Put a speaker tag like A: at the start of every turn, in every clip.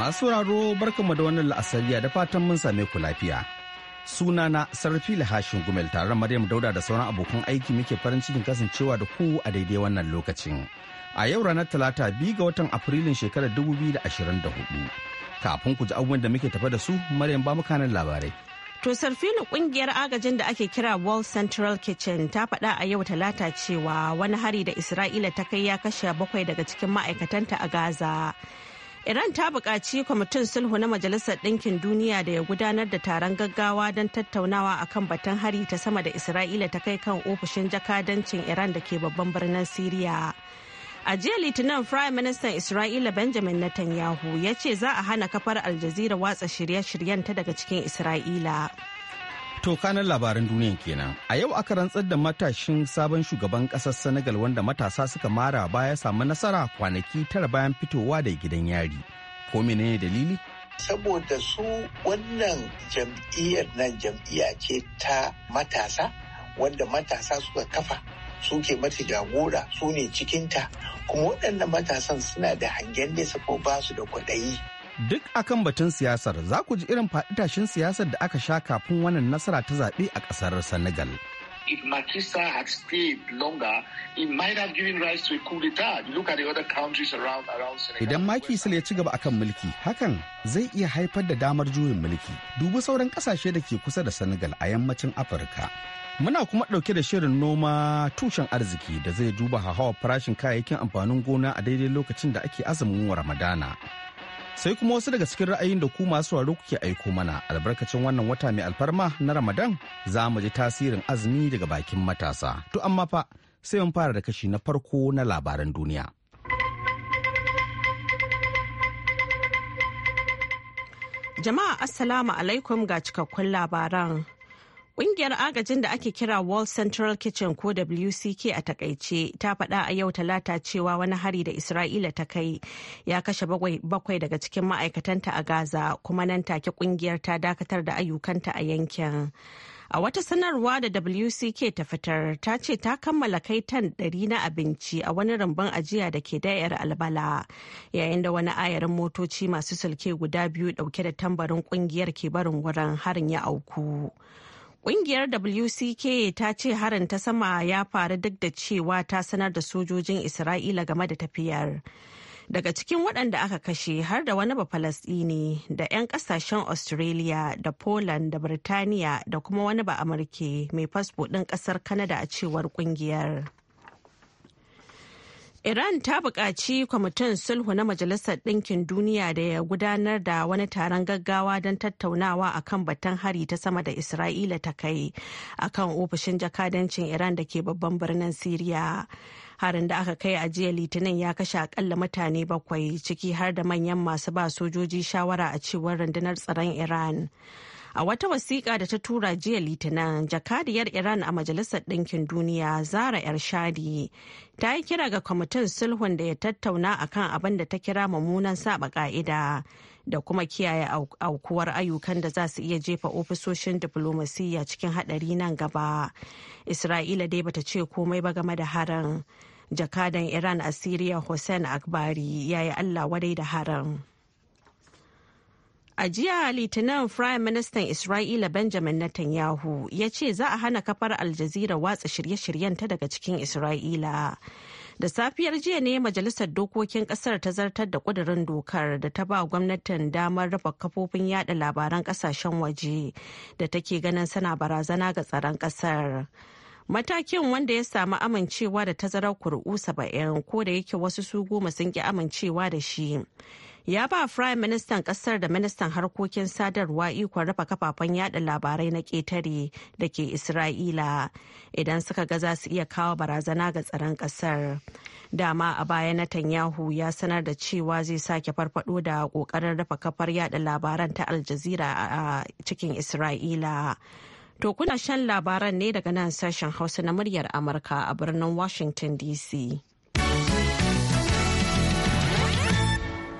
A: Masu raro barkanmu da wannan la'asariya da fatan mun same ku lafiya. Sunana sarfi Hashin Gumel tare Maryam Dauda da sauran abokan aiki muke farin cikin kasancewa da ku a daidai wannan lokacin. A yau ranar Talata biyu ga watan Afrilun shekarar da da hudu Kafin ku ji abubuwan da muke tafa da su, Maryam ba mu labarai.
B: To sarfilu kungiyar agajin da ake kira World Central Kitchen ta faɗa a yau talata cewa wani hari da Isra'ila ta kai ya kashe bakwai daga cikin ma'aikatanta a Gaza. Iran ta buƙaci kwamitin sulhu na Majalisar Ɗinkin Duniya da ya gudanar da taron gaggawa don tattaunawa akan batun hari ta sama da Isra'ila ta kai kan ofishin jakadancin Iran da ke babban birnin Siriya. A jiya Litinin Prime Minister Isra'ila Benjamin Netanyahu ya ce za a hana kafar Aljazira watsa shirye-shiryen ta daga cikin Isra'ila.
A: To kanan labaran duniyan kenan. A yau aka rantsar da matashin sabon shugaban ƙasar Senegal wanda matasa suka mara baya samu nasara kwanaki tara bayan fitowa da gidan yari. Ko menene dalili?
C: Saboda su wannan jam'iyyar nan jam'iyya ce ta matasa wanda matasa suka kafa suke mata jagora su ne cikinta kuma waɗannan matasan suna da hangen nesa ko ba su da kwaɗayi.
A: Duk akan batun siyasar za ku ji irin faɗi siyasar da aka sha kafin wannan nasara ta zaɓe a ƙasar Senegal.
C: if Makisa had stayed longer, he might
D: have given rise to a coup d'etat. Look at the other countries around, around
A: Senegal. Idan Makisa ya ci gaba akan mulki, hakan zai iya haifar da damar juyin mulki. dubu sauran kasashe da ke kusa da Senegal a yammacin Afirka. Muna kuma ɗauke da shirin noma tushen arziki da zai duba hawa farashin kayayyakin amfanin gona a daidai lokacin da ake azumin Ramadana. sai kuma wasu daga cikin ra'ayin da ku masu sauraro kuke aiko mana albarkacin wannan wata mai alfarma na ramadan za mu ji tasirin azumi daga bakin matasa to amma fa sai mun fara da kashi na
B: farko na labaran duniya jama'a assalamu alaikum ga cikakkun labaran Ƙungiyar agajin da ake kira World Central Kitchen ko WCK a takaice ta faɗa a yau talata cewa wani hari da Isra'ila ta kai ya kashe bakwai daga cikin ma'aikatanta a Gaza kuma nan take ƙungiyar ta dakatar da ayyukanta a yankin. A wata sanarwa da WCK ta fitar ta ce ta kammala kai tan ɗari na abinci a wani rumbun ajiya da ke da'yar albala yayin da wani ayarin motoci masu sulke guda biyu ɗauke da tambarin ƙungiyar ke barin wurin harin ya auku. Ƙungiyar WCK ta ce harin ta sama ya faru duk da cewa ta sanar da sojojin Isra'ila game da tafiyar. Daga cikin waɗanda aka kashe har da wani ba Falasɗini, da 'yan ƙasashen Australia da Poland da Birtaniya da kuma wani ba Amurke mai fasfo ɗin ƙasar Kanada a cewar ƙungiyar. Iran ta buƙaci kwamitin sulhu na Majalisar Ɗinkin Duniya da ya gudanar da wani taron gaggawa don tattaunawa a kan batun hari ta sama da Isra'ila ta kai a kan ofishin jakadancin Iran da ke babban birnin Siriya. Harin da aka kai a jiya Litinin ya kashe akalla mutane bakwai ciki har da manyan masu ba sojoji shawara a cewar rundunar tsaron Iran. A wata wasiƙa da ta tura jiya Litinin, jakadiyar Iran a Majalisar Ɗinkin Duniya Zara Ershadi ta yi kira ga kwamitin sulhun da ya tattauna a kan abin da ta kira mummunan saba ƙa'ida, da kuma kiyaye aukuwar ayyukan da za su iya jefa ofisoshin diflomasiyya cikin haɗari nan gaba. Isra'ila dai bata ce komai ba game da harin. Jakadan Iran a Siriya Hussein Akbari ya yi Allah wadai da harin. A jiya Litinin Prime Ministan Isra'ila Benjamin Netanyahu ya ce za a hana kafar Aljazira watsa shirye-shiryenta daga cikin Isra'ila. Da safiyar jiya ne Majalisar Dokokin Kasar ta zartar da kudurin dokar da ta ba gwamnatin damar rufe kafofin yada labaran kasashen waje da take ganin sana barazana ga tsaron kasar. Matakin wanda ya samu amincewa da tazarar kuri'u saba'in ko da yake wasu su goma sun ki amincewa da shi. Ya ba Firayim Ministan Ƙasar da Ministan Harkokin Sadarwa ikon rufe kafafen yada labarai na ƙetare da ke Isra'ila idan suka ga za su iya kawo barazana ga tsaron ƙasar. Dama a baya na Tanyahu ya sanar da cewa zai sake farfado da kokarin rufe kafar yada labaran ta aljazira a cikin Isra'ila. To kuna shan labaran ne daga nan sashen Hausa na muryar Amurka a birnin Washington DC.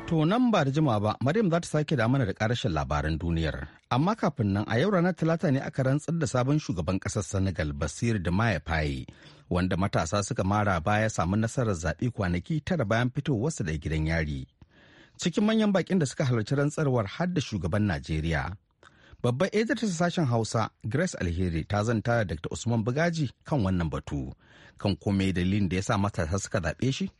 A: To nan ba da jima ba, Maryam za ta sake da mana da karashin labaran duniyar. Amma kafin nan a yau ranar Talata ne aka rantsar da sabon shugaban ƙasar Senegal Basir da Maya Faye, wanda matasa suka mara baya samu nasarar zaɓe kwanaki tara bayan fitowarsa da gidan yari. Cikin manyan baƙin da suka halarci rantsarwar har da shugaban Najeriya, Babban ta sashen Hausa Grace Alheri ta zanta da Dr. Usman Bugaji kan wannan batu kan kome dalilin da ya sa matasa suka zaɓe shi.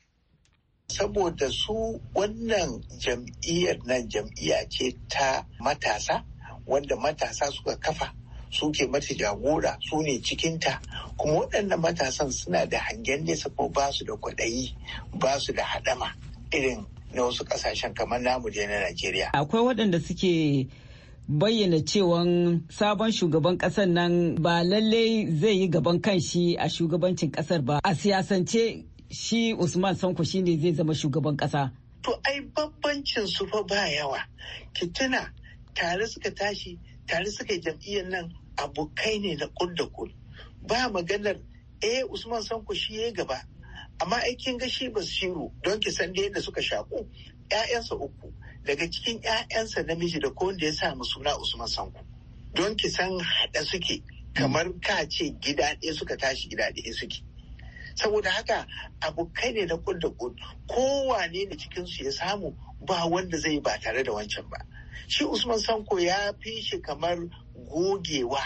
C: Saboda su wannan jam'iyyar nan jam'iyya ce ta matasa wanda matasa suka kafa su ke mata jagora su ne cikinta kuma waɗannan matasan suna da hangen nesa ko ba su da kwaɗayi ba su da hadama irin na wasu ƙasashen kamar namu da na Najeriya.
E: Akwai waɗanda suke bayyana cewan sabon shugaban kasar
B: nan ba lalle zai yi gaban kanshi a shugabancin kasar ba a siyasance shi usman sanko ne zai zama shugaban kasa
C: to ai babbancin su fa ba yawa ki tuna tare suka tashi tare suka jam'iyyar nan abokai ne na kud da kud ba maganar eh usman sanko shi ya gaba amma aikin gashi ba basiru don ki san da suka shaku 'ya'yansa uku daga cikin 'ya'yansa namiji da ko wanda ya sa mu suna Usman Sanko don ki san haɗa suke kamar ka ce gida ɗaya suka tashi gida ɗaya suke saboda haka abokai ne na kud da kud kowane da cikin su ya samu ba wanda zai ba tare da wancan ba shi Usman Sanko ya fi shi kamar gogewa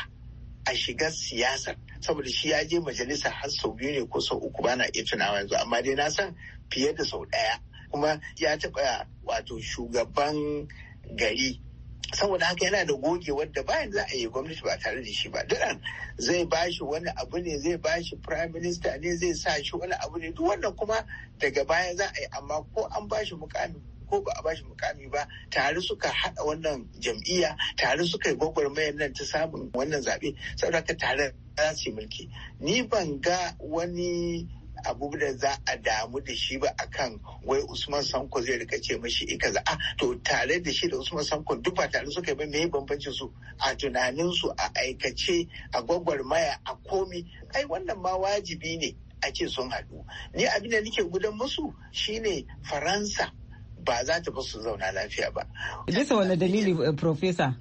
C: a shiga siyasar saboda shi ya je majalisa har sau biyu ne ko sau uku bana iya tunawa yanzu amma dai na san fiye da sau ɗaya kuma ya taɓa wato shugaban gari saboda haka yana da gogewar da bayan za a yi gwamnati ba tare da shi ba duran zai ba shi wani abu ne zai ba shi prime minister ne zai sa shi wani abu ne duk wannan kuma daga baya za a yi amma ko an ba shi mukami ko ba a ba shi mukami ba tare suka haɗa wannan jam'iyya tare suka yi gwagwarmayar nan ta samun wannan zaɓe saboda haka tare za su yi mulki ni ban ga wani abu da za a damu da shi ba akan wai Usman Sanko zai rika ce mashi ika eh, za a ah, to tare da shi da Usman Sanko duk ba tare suka yi ba meye bambancin su a tunanin su a aikace a gwagwarmaya a komi ai wannan ma wajibi ne a ce sun haɗu ni abin da nake gudan musu shine Faransa ba za ta su zauna lafiya ba.
E: Bisa wani dalili eh, Profesa?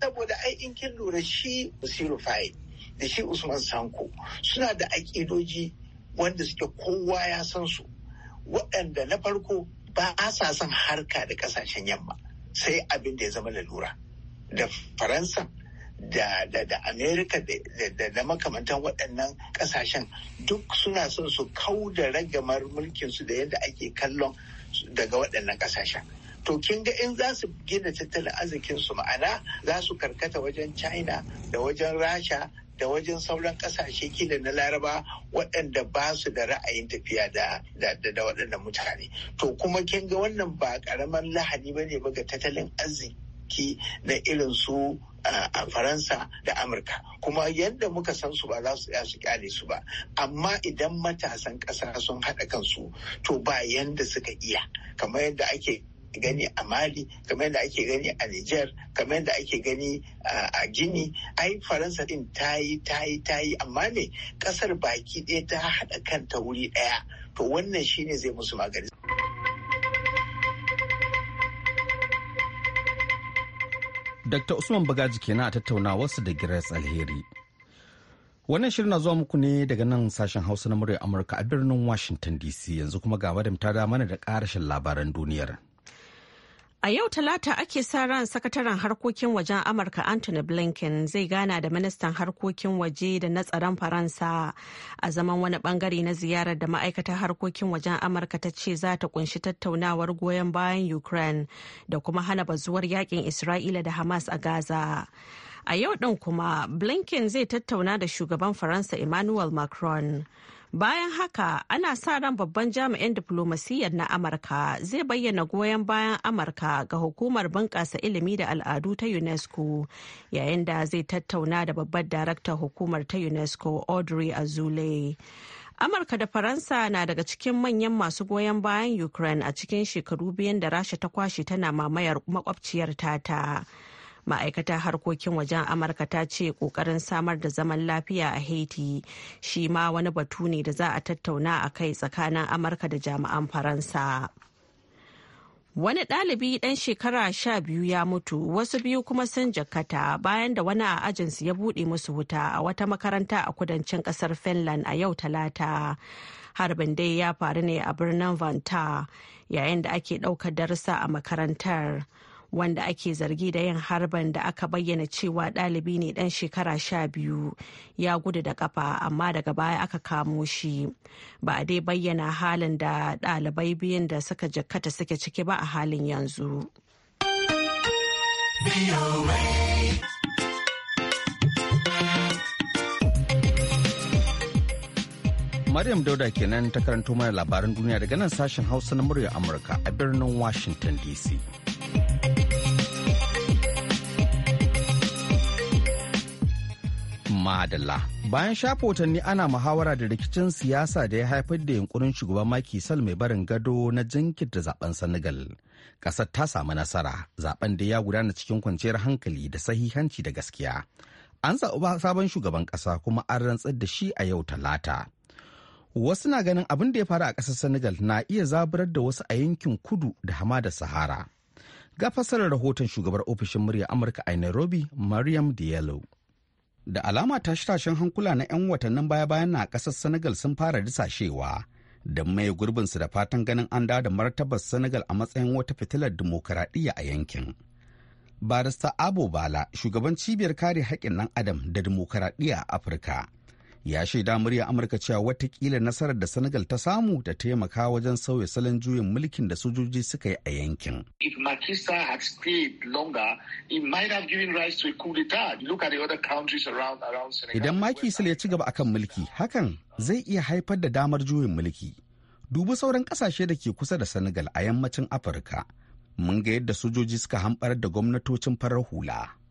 C: Saboda ai in kin lura shi Basiru Faye da shi Usman Sanko suna da aƙidoji wanda suke kowa ya san su waɗanda na farko ba sa son harka da ƙasashen yamma sai abin da ya zama lalura da faransa da da da amerika da da makamantan waɗannan ƙasashen duk suna son su kau da ragamar mulkinsu da yadda ake kallon daga waɗannan ƙasashen to kin ga in za su gina tattalin arzikin su ma'ana za su karkata wajen china da wajen rasha da wajen sauran kasashe kila na laraba waɗanda ba su da ra'ayin tafiya da da waɗannan mutane to kuma kin ga wannan ba ƙaramin lahani ba ne ba ga tattalin arziki na irin su a faransa da amurka kuma yadda muka san su ba za su su kyale su ba amma idan matasan ƙasa sun haɗa kansu to ba yadda suka iya kamar yadda ake gani a mali kamar yadda ake gani a niger kamar yadda ake gani a gini ai faransa din ta yi ta yi ta yi amma ne kasar baki ɗaya ta haɗa kanta wuri ɗaya to wannan shine zai musu magani
A: Dr. Usman Bagaji kenan a wasu da Grace Alheri. Wannan shirin na zuwa muku ne daga nan sashen Hausa na muryar Amurka a birnin Washington DC yanzu kuma ga madam ta mana da karashin labaran duniyar.
B: A yau Talata ake sa ran sakataren harkokin wajen Amurka Anthony Blinken zai gana da ministan harkokin waje da na tsaron Faransa a zaman wani bangare na ziyarar da ma'aikatar harkokin wajen Amurka ta ce za ta kunshi tattaunawar goyon bayan Ukraine da kuma hana bazuwar yakin Isra'ila da Hamas a Gaza. A yau ɗin kuma Blinken zai tattauna da shugaban Faransa Emmanuel Macron. Bayan haka ana sa ran babban jami'in diflomasiyyar na Amurka zai bayyana goyon bayan Amurka ga hukumar bunƙasa ilimi da al'adu ta UNESCO yayin da zai tattauna da babbar daraktar hukumar ta UNESCO Audrey Azule. Amurka da Faransa na daga cikin manyan masu goyon bayan Ukraine a cikin shekaru biyan da Rasha ta kwashe tana mamayar makwabciyar tata. ma'aikatar harkokin wajen amurka ta ce kokarin samar da zaman lafiya a haiti shi ma wani batu ne da za a tattauna a kai tsakanin amurka da jami'an faransa wani ɗalibi ɗan shekara sha biyu ya mutu wasu biyu kuma sun jakkata bayan da wani a ajinsu ya buɗe musu wuta a wata makaranta a kudancin ƙasar finland a yau talata harbin dai ya faru ne a birnin vanta yayin da ake ɗaukar darussa a makarantar wanda ake zargi da yin harban da aka bayyana cewa ɗalibi ne ɗan shekara sha biyu ya gudu da kafa amma daga baya aka kamo shi ba a dai bayyana halin da ɗalibai biyun da suka jakkata suke ciki ba a halin yanzu.
A: Maryam Dauda kenan ta karanto mana labaran duniya daga nan sashen Hausa na muryar Amurka a birnin Washington DC. madalla bayan shafa watanni ana muhawara da rikicin siyasa da ya haifar da yunkurin shugaban Macky Sall mai barin gado na jinkirta zaben Senegal. Kasar ta samu nasara, zaben da ya gudana cikin kwanciyar hankali da sahihanci da gaskiya. An zaɓi sabon shugaban ƙasa kuma an rantsar da shi a yau talata. Wasu na ganin abin da ya faru a ƙasar Senegal na iya zaburar da wasu a yankin kudu da Hama da Sahara. Ga fassarar rahoton shugabar ofishin murya Amurka a Nairobi, Mariam Diallo. da alama tashe-tashen hankula na 'yan watannin baya-bayan na ƙasar senegal sun fara disashewa da mai gurbinsu da fatan ganin an da martabar senegal a matsayin wata fitilar dimokuraɗiyya a yankin barista abo bala shugaban cibiyar kare haƙƙin ɗan adam da dimokuraɗiyya a afirka ya shaida murya amurka cewa watakila nasarar da senegal ta samu ta taimaka wajen sauya salon juyin mulkin da sojoji suka yi a yankin idan makisal ya ci gaba akan mulki hakan zai iya haifar da damar juyin mulki dubi sauran kasashe da ke kusa da senegal a yammacin afirka mun ga yadda sojoji suka hamɓar da gwamnatocin farar hula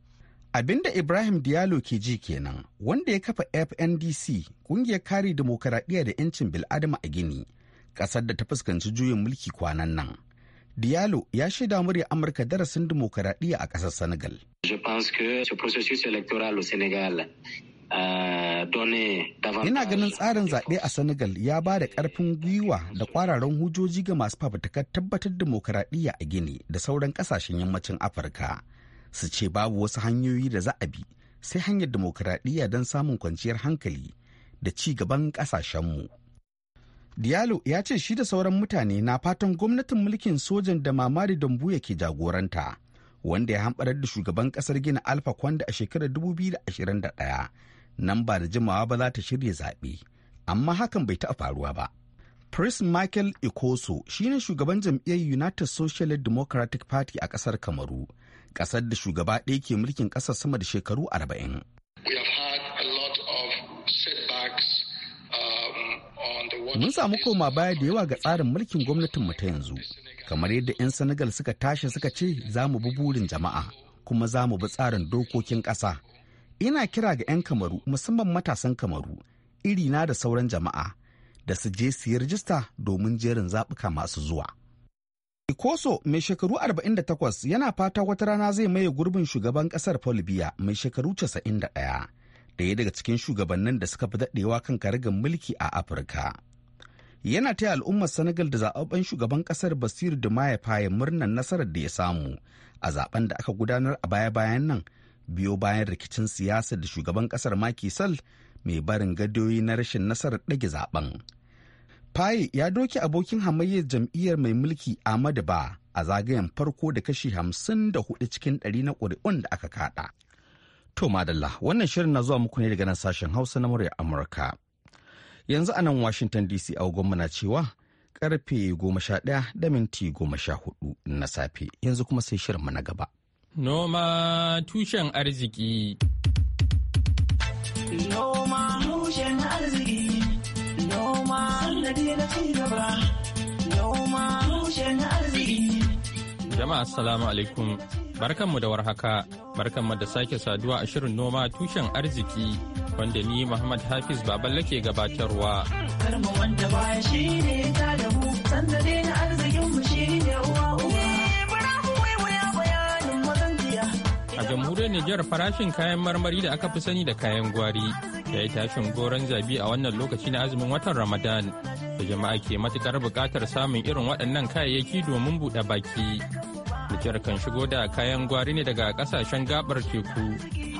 A: Abinda Ibrahim Diallo ke ji kenan wanda ya kafa FNDC kungiyar kare demokaradiyya da 'yancin bil'adama a Gini, kasar da ta fuskanci juyin mulki kwanan nan. Diallo ya shaida murya Amurka darasin demokaradiyya a ƙasar Senegal. Euh, Ina ganin tsarin zaɓe a Senegal ya ba da ƙarfin gwiwa da ƙwararan hujoji ga masu fafutukar tabbatar demokaradiyya a Gini da sauran ƙasashen yammacin Afirka. su ce babu wasu hanyoyi da za a bi sai hanyar demokuraɗiyya don samun kwanciyar hankali da ci gaban ƙasashenmu. Diallo ya ce shi da sauran mutane na fatan gwamnatin mulkin sojan da Mamadi Dambu ke jagoranta, wanda ya hamɓarar da shugaban ƙasar gina Alfa Kwanda a shekarar 2021, nan ba da jimawa ba za ta shirya zaɓe, amma hakan bai taɓa faruwa ba. Prince Michael Ikoso shi ne shugaban jam'iyyar United Socialist Democratic Party a ƙasar Kamaru, Kasar da shugaba ɗaya ke mulkin ƙasar sama da shekaru arba'in.
D: Um,
A: Mun samu koma baya da yawa ga tsarin mulkin gwamnatin ta yanzu, kamar yadda 'yan Senegal suka tashi suka ce za mu bi burin jama'a kuma za mu bi tsarin dokokin ƙasa. Ina kira ga 'yan Kamaru musamman matasan Kamaru, irina da sauran jama'a, da su je su yi rajista domin jerin zaɓuka masu zuwa. Ikoso mai shekaru 48 yana fata wata rana zai maye gurbin shugaban kasar Bolivia mai shekaru 91 daya daga cikin shugabannin da suka fi daɗewa kan karigar mulki a Afirka. Yana taya al'ummar Senegal da zaɓaɓɓen shugaban kasar Basir Dumaye Faye murnar nasarar da ya samu a zaɓen da aka gudanar a baya-bayan nan biyo bayan rikicin siyasa da shugaban kasar Macky mai barin gadoyi na rashin nasarar ɗage zaɓen. Faye ya doke abokin hamayyar jam'iyyar mai mulki Ahmadu Ba a zagayen farko da kashi hamsin da hudu cikin ɗari na ƙuri'un da aka kaɗa. To madalla wannan shirin na zuwa muku ne daga nan sashen Hausa na murya Amurka. Yanzu a nan Washington DC a na cewa karfe goma sha ɗaya da minti goma sha hudu na safe yanzu kuma sai shirin shirinmu na
F: gaba. Noma tushen arziki.
E: Noma tushen arziki. noma
F: jama'a assalamu alaikum barkanmu da warhaka barkanmu da sake saduwa a shirin noma tushen arziki wanda ni muhammad hafiz baballe ke gabatarwa a jamhuriyar Nijar farashin kayan marmari da aka fi sani da kayan gwari ya yi tashin goron zabi a wannan lokaci na azumin watan Ramadan da jama'a ke matukar buƙatar samun irin waɗannan kayayyaki domin buɗe baki. Nijar kan shigo da kayan gwari ne daga ƙasashen gabar teku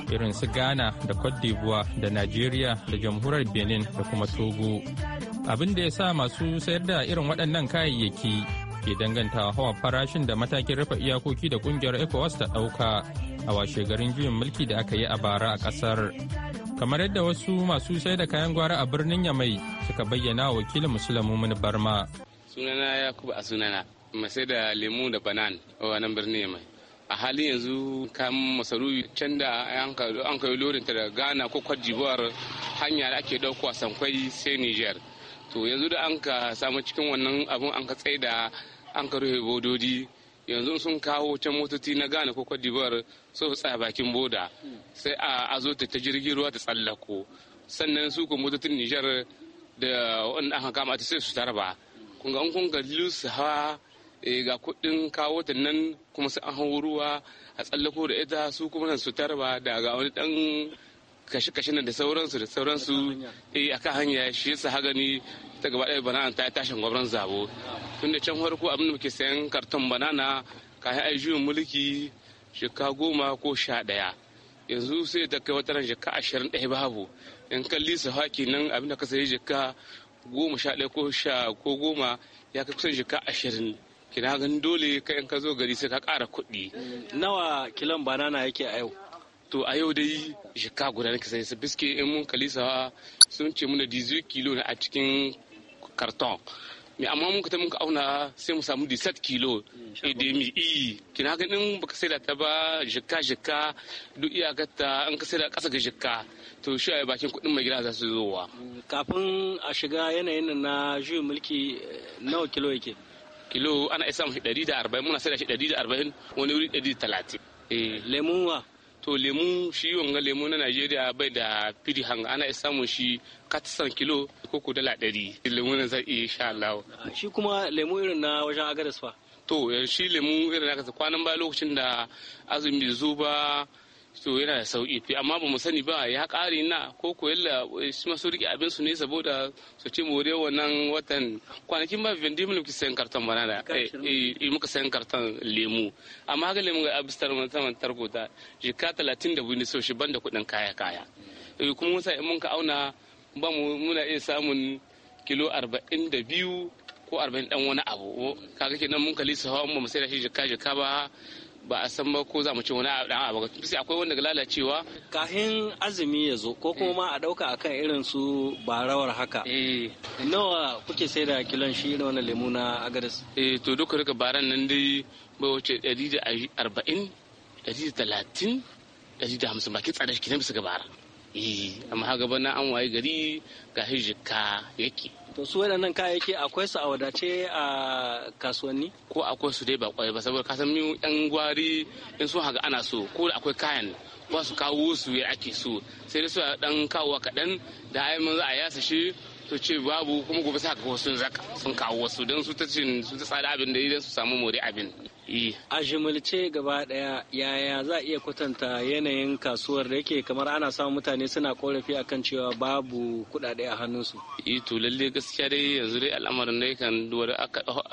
F: irin su Ghana da Cote d'Ivoire da Najeriya da jamhuriyar Benin da kuma Togo. Abin da ya sa masu sayar da irin waɗannan kayayyaki ke danganta hawa farashin da matakin rufe iyakoki da kungiyar ecowas ta ɗauka a washe garin juyin mulki da aka yi a bara a kasar kamar yadda wasu masu sai da kayan gwara a birnin yamai suka bayyana wa wakilin musulmin barma
G: sunana ya kuba a sunana mai sai da lemu da banan a wannan birnin yamai a halin yanzu kan masarufi can da an kai lorinta da ghana ko kwadjibuwar hanya da ake dauko a sankwai sai niger to yanzu da an ka samu cikin wannan abun an ka tsaida an ka rufe bododi yanzu sun kawo can motoci na gane ko kwadibar su tsaya bakin boda sai a azo ta jirgin ruwa ta tsallako sannan su ko motocin nijar da wanda aka kama ta sai su tarba kun ga an kun ga hawa eh, ga kuɗin kawo ta nan kuma su an hau ruwa a tsallako da ita su kuma su tarba da ga wani dan kashe-kashe da sauransu da sauransu eh aka hanya shi yasa gani ta gaba ɗaya banana ta tashin gwamnan zabo tunda can farko abin da muke sayan karton banana kayan ai juyin mulki shekka goma ko sha ɗaya yanzu sai ta kai wata jikka ashirin ɗaya babu in kalli su haki nan abin da ka sayi jikka goma sha ɗaya ko sha ko goma ya kai kusan jikka ashirin kina ganin dole ka in ka zo gari sai ka ƙara kuɗi. nawa kilan banana yake a yau to a yau dai shika guda nake sai su biske in mun kalisa sun ce muna 18 kilo a cikin karton mai amma mun ta muka auna sai mu samu 17 kilo edemi iyi kina ganin din baka sai da ta ba jikka jikka duk iyakarta an ka sai da kasa ga jikka to shi a bakin kudin mai gida za su zo wa kafin a shiga yanayin na juyin mulki eh, nawa kilo yake kilo ana isa mu 140 muna sai da shi 140 wani wuri 130 eh to lemu shi wanga lemu na Najeriya bai da firi hanga ana isa mu shi katsan kilo ko ku dala ɗari lemu na zai iya sha Allah. Shi kuma lemu irin na wajen agadas fa. To eh, shi lemu irin na kasa kwanan ba lokacin da azumi zuba to yana da sauki amma ba mu sani ba ya ƙari na ko ko yalla su masu rike abin su ne saboda su ce mu rewa nan watan kwanakin ba vendi mu ki sayan karton banana eh, eh muka sayan karton lemu amma haka lemu ga abistar mun saman tarko ta jika 30 da wani so shi banda kuɗin kaya kaya eh, kuma mun sai mun ka auna ba mu muna iya samun kilo 42 ko 40 dan wani abu kaga kenan mun kalli su ba mu sai da shi jika jika ba ba a san ba ko za mu ci wani abu sai akwai wanda ga lalacewa kafin azumi ya zo ko kuma eh. a dauka akan irin su barawar haka eh. nawa kuke sai da kilon shi irin wannan lemu na agadis eh to duka duka baran nan dai bai wuce 140 130 hamsin bakin tsada shi kenan bisa ga bara eh amma haka na an waye gari ga hijika yake to su waɗannan kayayyaki akwai su a wadace a kasuwanni ko akwai su dai ba kwai ba saboda kasan mu yan gwari in su haka ana so ko da akwai kayan ba su kawo su ya ake so sai dai su dan kawo kaɗan da ai mun za a yasa shi su ce babu kuma gobe sa ka wasu zaka sun kawo wasu don su ta ce su ta tsada abin da idan su samu more abin e. a jimilce gaba daya yaya za a iya kwatanta yanayin kasuwar da yake kamar ana samun mutane suna korafi akan cewa babu kudade a hannunsu yi e to lalle gaskiya dai yanzu dai al'amarin dai kan duwar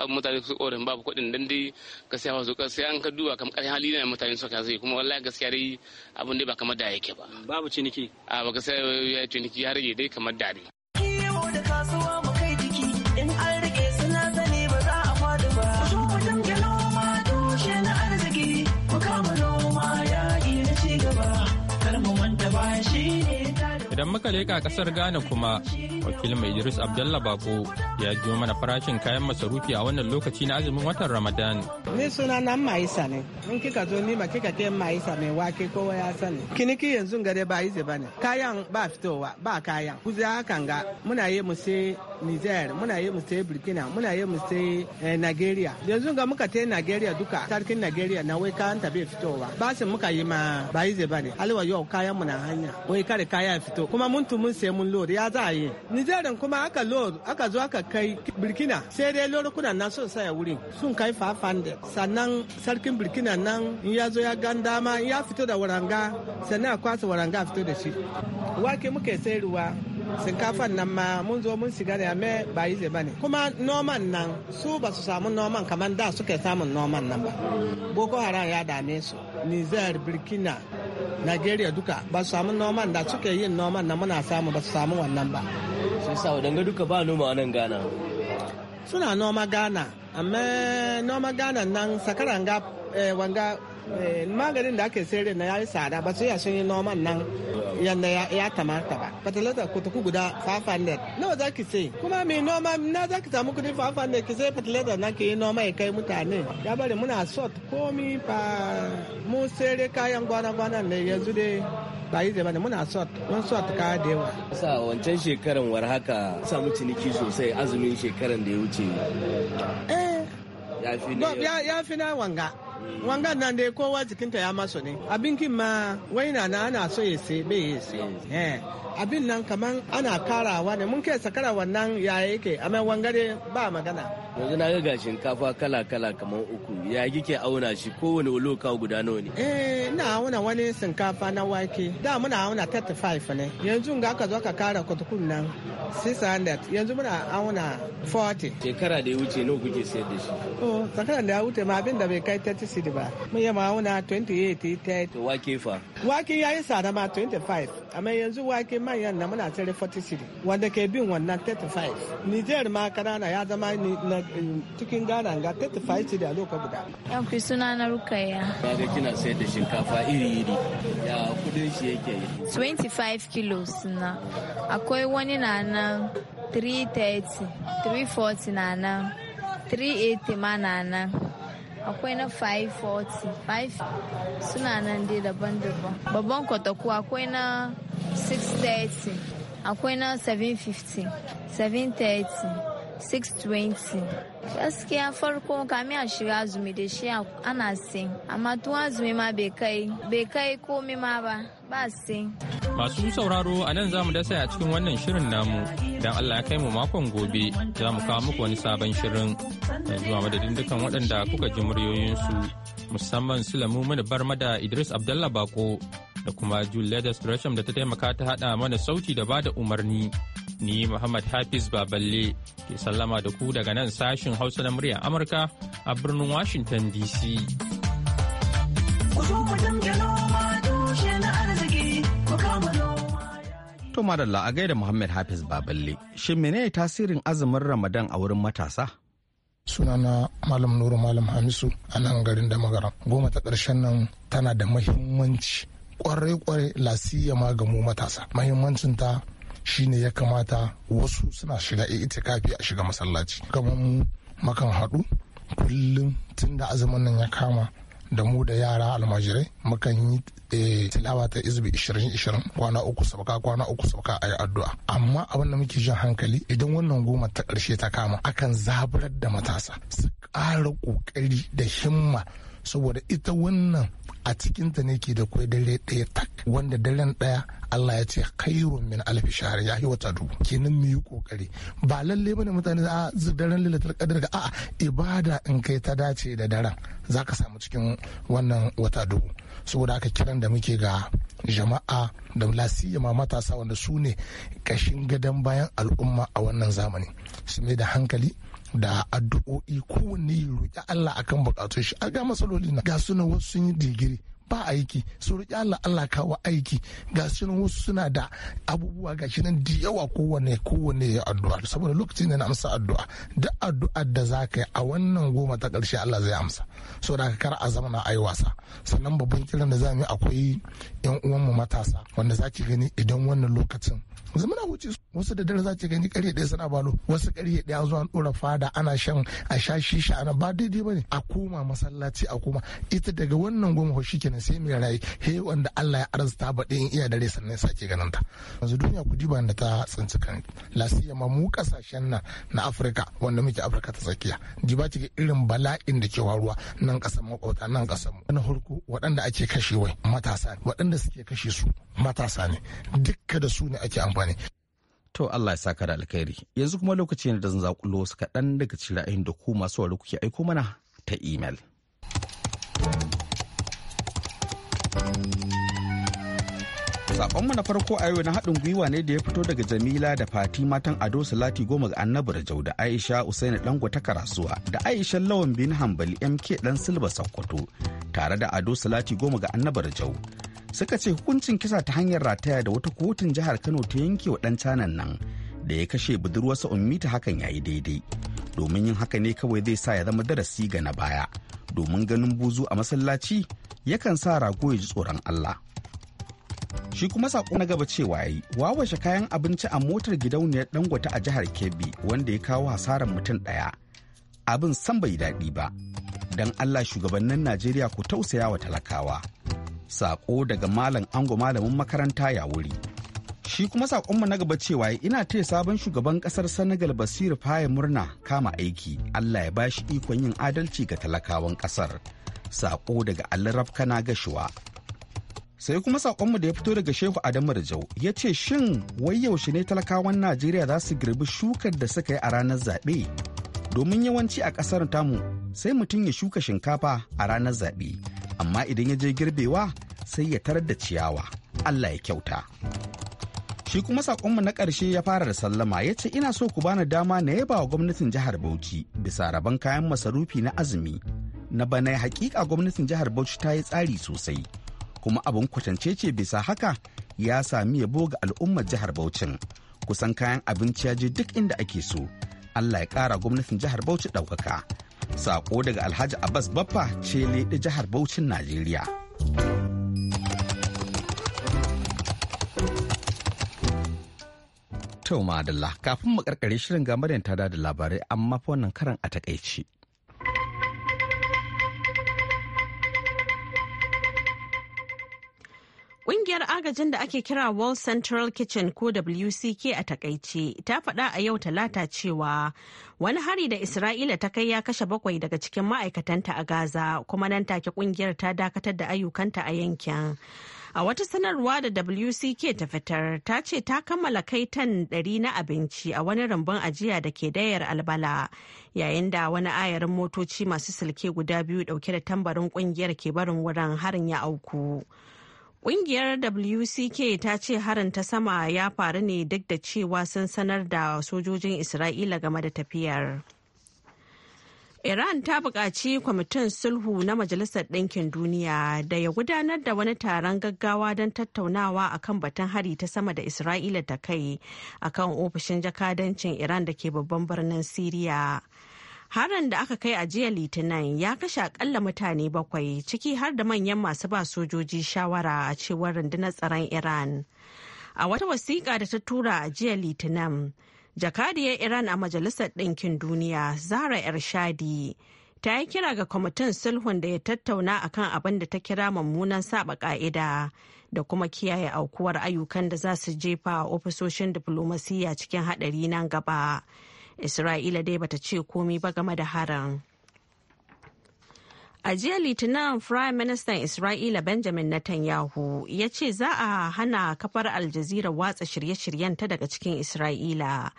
G: mutane su korafi babu kudin dan dai gaskiya wasu sai an ka duba kamar hali ne mutane suka zai kuma wallahi gaskiya dai abin dai ba kamar da yake ba babu ciniki a ba gaskiya ya ciniki ya rage dai kamar da
F: Idan muka leƙa kasar Ghana kuma, wakil mai Idris Abdallah Bako ya jiyo mana farashin kayan masarufi a wannan lokaci na azumin watan Ramadan.
E: Ni suna nan ma'isa ne, in kika zo ni ma kika ke ma'isa mai wake ko ya sani. Kiniki yanzu gare ba yi ba ne, kayan ba fitowa ba kayan. Kuzi hakan ga muna yi mu sai Niger, muna yi mu sai Burkina, muna yi mu sai eh, Nigeria. Yanzu ga muka te Nigeria duka, sarkin Nigeria na wai kayan ta bai fitowa. Basin muka yi ma ba yi ba ne, alwa yau kayan mu na hanya, wai kare kayan fito. kuma mun tumun sai mun lord ya za a yi nijerin kuma aka lord aka zo aka kai burkina sai dai lorukunan nan sun saya wurin sun kai 500 sannan sarkin burkina nan in ya zo ya gan dama ya fito da waranga sannan a kwasa waranga fito da shi wake muke sai ruwa shinkafan nan ma mun zo mun shiga da me ba yi ba ne kuma noman nan su ba su samu noman kamar da suke samun noman nan ba boko haram ya dame su nijar burkina Najeriya duka ba su samu noman da suke yin noman na muna samu ba su samu wannan ba. Sai sa wadanga duka ba noma a nan Ghana. Suna noma Ghana, amma noma Ghana nan sakaranga eh, wanga Eh, maganin da ake sayar na ya yi tsada ba su ya sun yi noman nan yadda ya kamata ba fatalata kutuku guda 500 nawa za ki sai kuma mai noma na za ki samu kudin 500 ki sai fatalata na ki yi noma ya kai mutane ya bari muna sort komi ba mu sere kayan gwana-gwana ne yanzu dai ba yi zai muna sort mun sort ka da yawa.
A: sa wancan shekaran war haka samu ciniki sosai azumin shekaran da ya wuce. Eh,
E: ya fi na wanga. wangan nan dai kowa jikinta ya maso ne abin kin ma wai na ana so ya sai bai ya sai abin nan kaman ana karawa ne mun kai sakara wannan ya yake amma wangare ba magana
G: yanzu na ga gashin kafa kala kala kaman uku ya kike auna shi kowane lokaci guda nawa ne
E: eh ina auna wani shinkafa na wake da muna auna 35 ne yanzu ga ka zo ka kara kutukun nan 600 yanzu muna auna 40 shekara da ya
A: wuce nawa kuke sayar da shi
E: oh sakara da ya wuce ma abin da bai kai subsidy ba mun yi mauna 28
A: 30. wake fa
E: wake ya yi tsada ma 25 amma yanzu wake manyan na muna tare 40 wanda ke bin wannan 35 niger ma kanana ya zama cikin ghana ga 35 cedi a lokacin guda
B: yan fi suna na rukaya
G: Ba da kina sai da shinkafa iri iri ya kudin shi yake
B: 25 kilos na akwai wani na nan 330 340 na nan 380 ma na nan akwai na 540 5 suna nan dai daban-daban babban kwataku akwai na 630 akwai na 750 730 620 gaskiya farko kami a shiga azumi da shi ana sin amma tun azumi ma bai kai bai kai komi ma ba ba sin
F: masu sauraro a nan zamu dasa a cikin wannan shirin namu dan allah ya kai mu makon gobe za mu kawo muku wani sabon shirin yanzu madadin dukkan waɗanda kuka ji muryoyin su musamman su lamu mana barmada idris abdullah bako da kuma julia da da ta taimaka ta hada mana sauti da bada umarni Ni Muhammad Hafiz Baballe ke sallama da ku daga nan sashin Hausa na muryar Amurka a birnin Washington DC.
A: To madalla a gaida Muhammad Hafiz Baballe, shin menene tasirin azumin Ramadan a wurin matasa?
D: sunana malam nuru malam hamisu a nan garin da magaran goma ta ƙarshen nan tana da mahimmanci kwarai-kwarai lasiya ma ga mu matasa mahimmancinta shine ya kamata wasu suna shiga itikafi a shiga masallaci kamar mu makan haɗu kullum tun da azumin nan ya kama da mu da yara almajirai mukan yi eh, tilawa ta izbi 20-20 kwana uku sauka kwana uku sauka a yi addu'a amma abin da muke jin hankali idan wannan goma ta ƙarshe ta kama akan zaburar da matasa su ƙara ƙoƙari da himma saboda ita wannan a cikinta ne ke da kwai dare ɗaya wanda daren ɗaya Allah ya ce khairun min alfi shahr ya wata dubu kenan mu yi kokari ba lalle bane mutane a daren lailatul qadr ga a'a ibada in kai ta dace da daren zaka samu cikin wannan wata dubu saboda aka kiran da muke ga jama'a da lasiyama matasa wanda su ne kashin gadon bayan al'umma a wannan zamani su mai da hankali da addu'o'i kowanne ya roƙi Allah akan bukatun shi a ga matsaloli na ga suna wasu sun yi digiri ba aiki su riƙe Allah Allah kawo aiki ga shi wasu suna da abubuwa ga shi nan da yawa kowane kowane ya addu'a saboda lokacin da na amsa addu'a duk addu'a da za ka yi a wannan goma ta ƙarshe Allah zai amsa so da kar a zama na ayi wasa sannan babban kiran da za mu yi akwai yan uwanmu matasa wanda za ki gani idan wannan lokacin wasu muna wuce wasu da dare za ta gani karye ɗaya suna balo wasu karye ɗaya zuwa ɗora fada ana shan a sha shisha ana ba daidai bane a koma masallaci a koma ita daga wannan goma shi kenan sai mai rayu he wanda Allah ya arzuta ba ɗayan iya dare sannan sake ganin ta yanzu duniya ku diba da ta tsinci kan lasiya ma mu kasashen nan na Afirka wanda muke Afirka ta tsakiya diba cike irin bala'in da ke waruwa nan kasan makwauta nan kasan mu na farko waɗanda ake kashe wai matasa waɗanda suke kashe su matasa ne dukka da su ne ake amfani amfani.
A: To Allah ya saka da alkhairi. Yanzu kuma lokaci ne da zan zakulo wasu kaɗan daga cikin ra'ayin da ku masu wari kuke aiko mana ta imel. Saƙonmu na farko a yau na haɗin gwiwa ne da ya fito daga Jamila da Fati matan Ado Salati Goma ga Annabi Rajau da Aisha Usaini Dango ta Karasuwa da Aisha Lawan bin Hambali MK ɗan Silba Sokoto tare da Ado Salati Goma ga Annabi Rajau. suka ce hukuncin kisa ta hanyar rataya da wata kotun jihar kano ta yanke wa ɗan canan nan da ya kashe budurwarsa ta hakan ya yi daidai domin yin haka ne kawai zai sa ya zama darasi ga na baya domin ganin buzu a masallaci yakan sa rago ya ji tsoron Allah. Shi kuma sako na gaba cewa yi wawashe kayan abinci a motar gidauniyar dangote a jihar Kebbi wanda ya kawo hasarar mutum ɗaya. Abin san bai daɗi ba. Don Allah shugabannin Najeriya ku tausaya wa talakawa. sako daga malam ango malamin makaranta ya wuri shi kuma sakonmu na gaba cewa ina taya sabon shugaban ƙasar senegal basir faye murna kama aiki allah ya bashi ikon yin adalci ga talakawan ƙasar sako daga allarab kana gashuwa sai kuma sakonmu da ya fito daga shehu adamu rajau ya ce shin wai yaushe ne talakawan najeriya za su girbi shukar da suka yi a ranar zaɓe domin yawanci a ƙasar tamu sai mutum ya shuka shinkafa a ranar zaɓe amma idan ya je girbewa sai ya tarar da ciyawa Allah ya kyauta shi kuma saƙonmu na ƙarshe ya fara da sallama ya ce ina so ku bani dama na yaba wa gwamnatin jihar Bauchi bisa rabon kayan masarufi na azumi na bana hakika gwamnatin jihar Bauchi ta yi tsari sosai kuma abin kwatance ce bisa haka ya sami yabo ga al'ummar jihar Bauchin kusan kayan abinci ya je duk inda ake so Allah ya ƙara gwamnatin jihar Bauchi ɗaukaka Sako daga Alhaji Abbas Baffa ce leɗi jihar Bauchin Najeriya. Tau madalla kafin mu karkare shirin ga tada da labarai amma fa wannan karan a takaici.
B: Ƙungiyar agajin da ake kira World Central Kitchen ko WCK a takaice ta faɗa a yau talata cewa wani hari da Isra'ila ta kai ya kashe bakwai daga cikin ma'aikatanta a Gaza kuma nan take ƙungiyar ta dakatar da ayyukanta a yankin. A wata sanarwa da WCK ta fitar ta ce ta kammala kai tan ɗari na abinci a wani rumbun ajiya da ke dayar albala yayin da wani ayarin motoci masu silke guda biyu ɗauke da tambarin ƙungiyar ke barin wurin harin ya auku. Ƙungiyar WCK ta ce harin ta sama ya faru ne duk da cewa sun sanar da sojojin Isra'ila game da tafiyar. Iran ta buƙaci kwamitin sulhu na Majalisar Ɗinkin Duniya da ya gudanar da wani taron gaggawa don tattaunawa akan batun hari ta sama da Isra'ila ta kai akan ofishin jakadancin Iran da ke babban birnin Siriya. Harin da aka kai a jiya Litinin ya kashe akalla mutane bakwai ciki har da manyan masu ba sojoji shawara a cewar rundunar tsaron Iran. A wata wasiƙa da ta tura a jiya Litinin, jakadiyar Iran a Majalisar Ɗinkin Duniya, Zara Ershadi, ta yi kira ga kwamitin sulhun da ya tattauna akan abin da ta kira mummunan saba ka'ida da kuma kiyaye aukuwar ayyukan da za su jefa ofisoshin diflomasiyya cikin haɗari nan gaba. Isra'ila dai bata ce komi ba game da harin. A jiya Litinin Prime Minister Isra'ila Benjamin Netanyahu ya ce za a hana kafar Aljazeera watsa shirye shiryen ta daga cikin Isra'ila.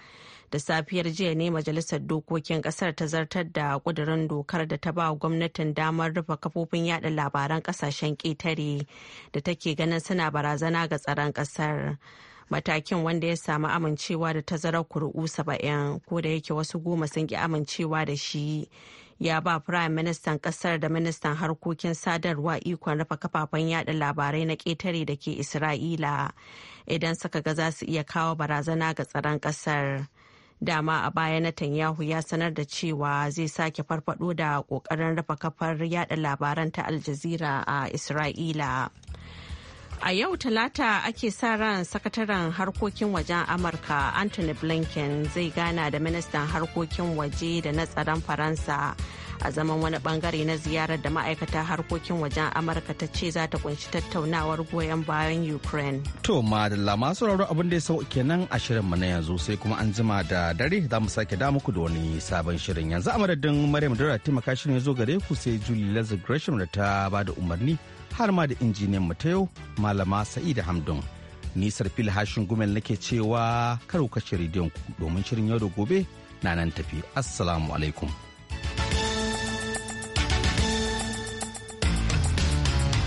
B: Da safiyar jiya ne Majalisar Dokokin Kasar ta zartar da kudurin dokar da ta ba gwamnatin damar rufe kafofin yada labaran kasashen ƙetare da take ganin suna barazana ga tsaron ƙasar. matakin wanda ya samu amincewa da tazarar kuri'u saba'in ko da yake wasu goma sun ki amincewa da shi ya ba firayim ministan kasar da ministan harkokin sadarwa ikon rufe kafafen yada labarai na ketare da ke isra'ila idan suka ga za su iya kawo barazana ga tsaron kasar dama a baya Netanyahu ya sanar da cewa zai sake farfado da kokarin rufe kafar yada labaran ta aljazira a isra'ila A yau Talata ake sa ran sakataren harkokin wajen Amurka Anthony Blinken zai gana da ministan harkokin waje da na tsaron Faransa a zaman wani bangare na ziyarar da ma'aikata harkokin wajen Amurka ta ce za ta kunshi tattaunawar goyon bayan Ukraine.
A: To madalla masu rauro abin da ya sau kenan a shirinmu na yanzu sai kuma an jima da dare za mu sake da muku da wani sabon shirin yanzu a madadin Maryam Dora taimaka shirin ya zo gare ku sai Julie Lazar Gresham da ta ba da umarni. har ma da injiniyan mu ta yau malama sa'id Hamdun. Nisar fil hashin gumel nake cewa kar ku kashe rediyon ku domin shirin yau da gobe na nan tafi. Assalamu alaikum.